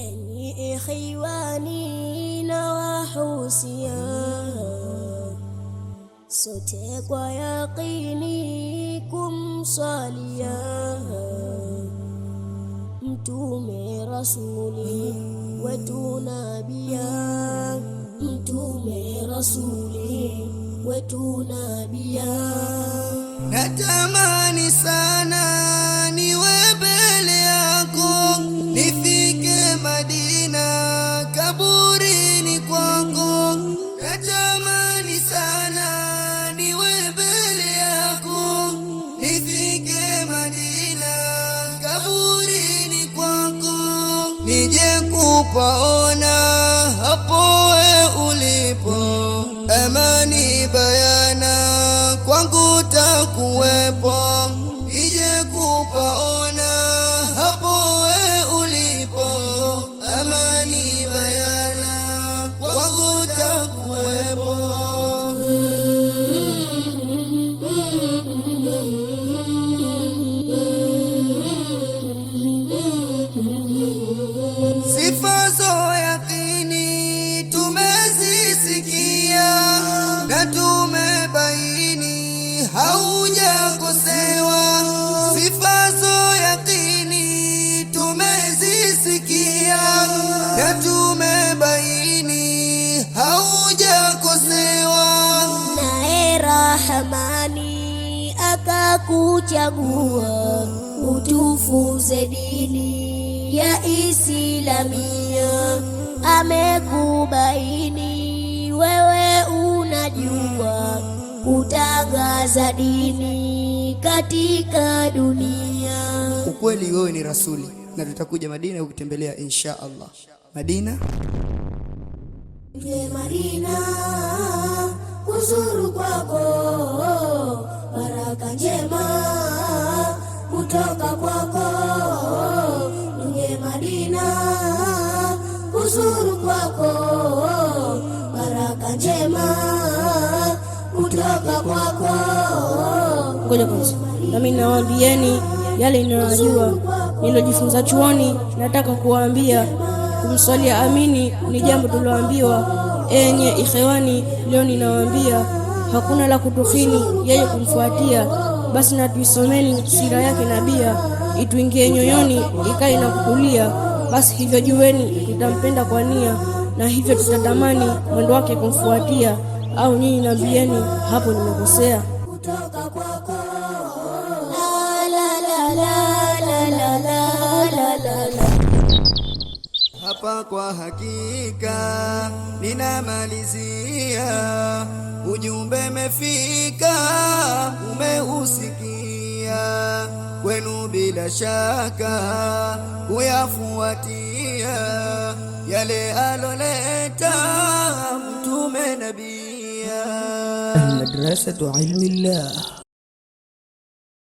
أني إخواني نواح سيان صوتك ويقينيكم صاليان mtume rasuli wetu nabia mtume rasuli wetu nabia. Natamani sana niwe mbele yako, nifike Madina kaburini kwako. Natamani sana niwe mbele yako, nifike Madina kaburini kwako, nije kupaona hapo we ulipo amani bayana kwangu takuwepo takakuchagua utufunze dini ya Islamia, amekubaini wewe unajua kutangaza dini katika dunia. Ukweli wewe ni rasuli, na tutakuja Madina ukitembelea insha Allah. Madina, Madina kuzuru kwako jema kutoka kwako. Ngoja kwanza, nami nawaambieni yale ninayojua nilojifunza chuoni, nataka kuwaambia. Kumswalia amini ni jambo tuloambiwa. Enye ikhewani, leo ninawaambia, hakuna la kutufini yeye kumfuatia. Basi natuisomeni sira yake nabia, ituingie nyoyoni ikae na kukulia. Basi hivyo jueni, tutampenda kwa nia na hivyo tutatamani mwendo wake kumfuatia, au nyinyi nambieni hapo nimekosea? Hapa kwa hakika ninamalizia, ujumbe umefika, umeusikia بلا ويا شك يا يلي قالوا ليتا مدرسة علم الله